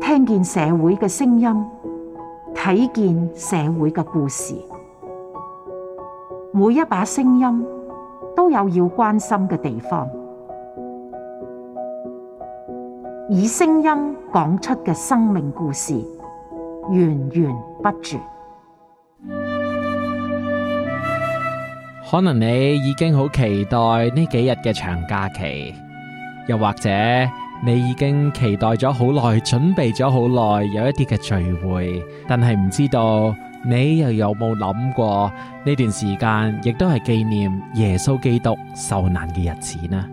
聽見社會嘅聲音，睇見社會嘅故事，每一把聲音都有要關心嘅地方。以聲音講出嘅生命故事源源不絕。可能你已經好期待呢幾日嘅長假期，又或者？你已經期待咗好耐，準備咗好耐，有一啲嘅聚會，但係唔知道你又有冇諗過呢段時間亦都係紀念耶穌基督受難嘅日子呢？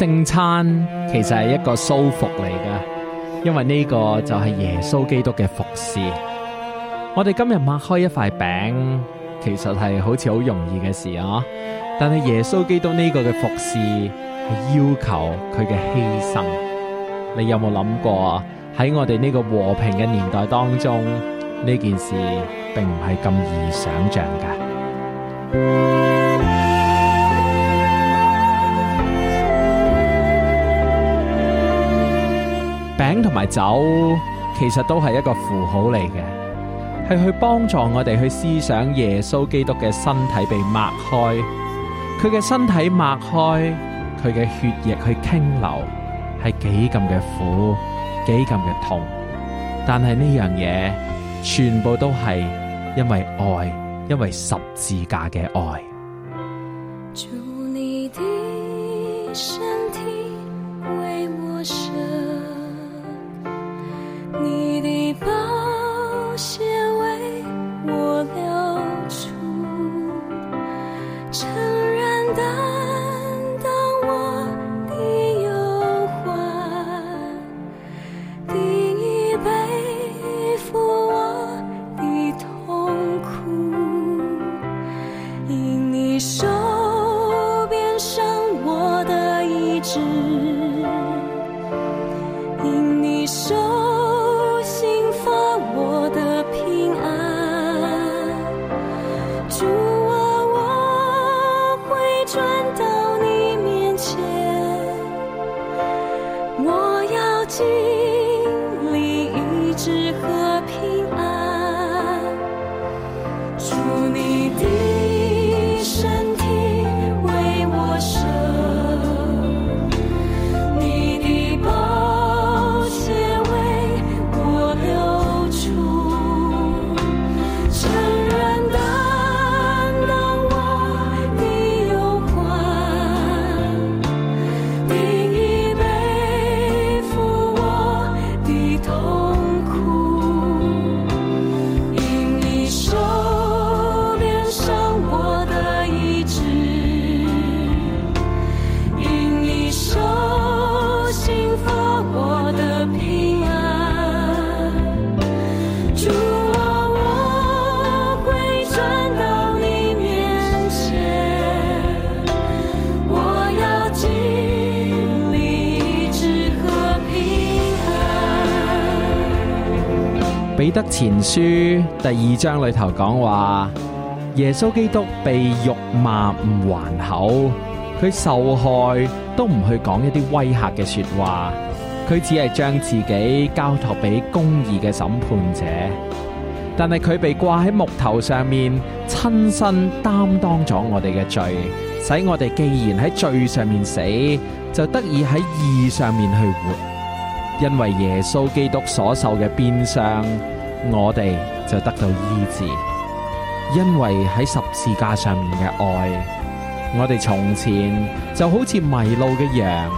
聖餐其實係一個收服嚟噶，因為呢個就係耶穌基督嘅服侍。我哋今日擘開一塊餅，其實係好似好容易嘅事啊！但係耶穌基督呢個嘅服侍係要求佢嘅犧牲。你有冇諗過喺我哋呢個和平嘅年代當中，呢件事並唔係咁易想象噶？餅同埋酒，其實都係一個符號嚟嘅，係去幫助我哋去思想耶穌基督嘅身體被擘開，佢嘅身體擘開，佢嘅血液去傾流，係幾咁嘅苦，幾咁嘅痛，但係呢樣嘢全部都係因為愛，因為十字架嘅愛。祝你的記得前書第二章裏頭講話，耶穌基督被辱罵唔還口，佢受害都唔去講一啲威嚇嘅說話，佢只係將自己交託俾公義嘅審判者。但係佢被掛喺木頭上面，親身擔當咗我哋嘅罪，使我哋既然喺罪上面死，就得以喺義上面去活。因為耶穌基督所受嘅鞭傷，我哋就得到醫治，因為喺十字架上面嘅愛，我哋從前就好似迷路嘅羊，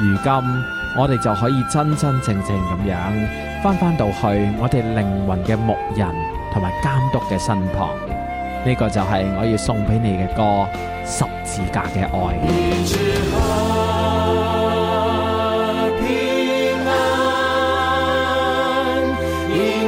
如今我哋就可以真真正正咁樣返返到去我哋靈魂嘅牧人同埋監督嘅身旁，呢個就係我要送俾你嘅歌《十字架嘅愛》。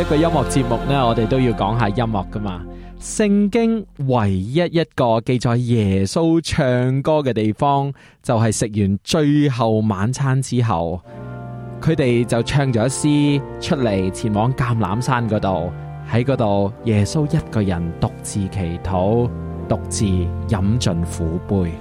一個音樂節目呢，我哋都要講下音樂噶嘛。聖經唯一一個記載耶穌唱歌嘅地方，就係食完最後晚餐之後，佢哋就唱咗詩出嚟，前往橄欖山嗰度，喺嗰度耶穌一個人獨自祈禱，獨自飲盡苦杯。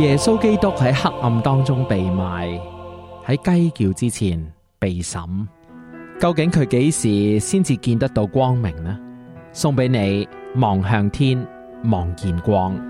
耶穌基督喺黑暗當中被賣，喺雞叫之前被審，究竟佢幾時先至見得到光明呢？送俾你望向天，望見光。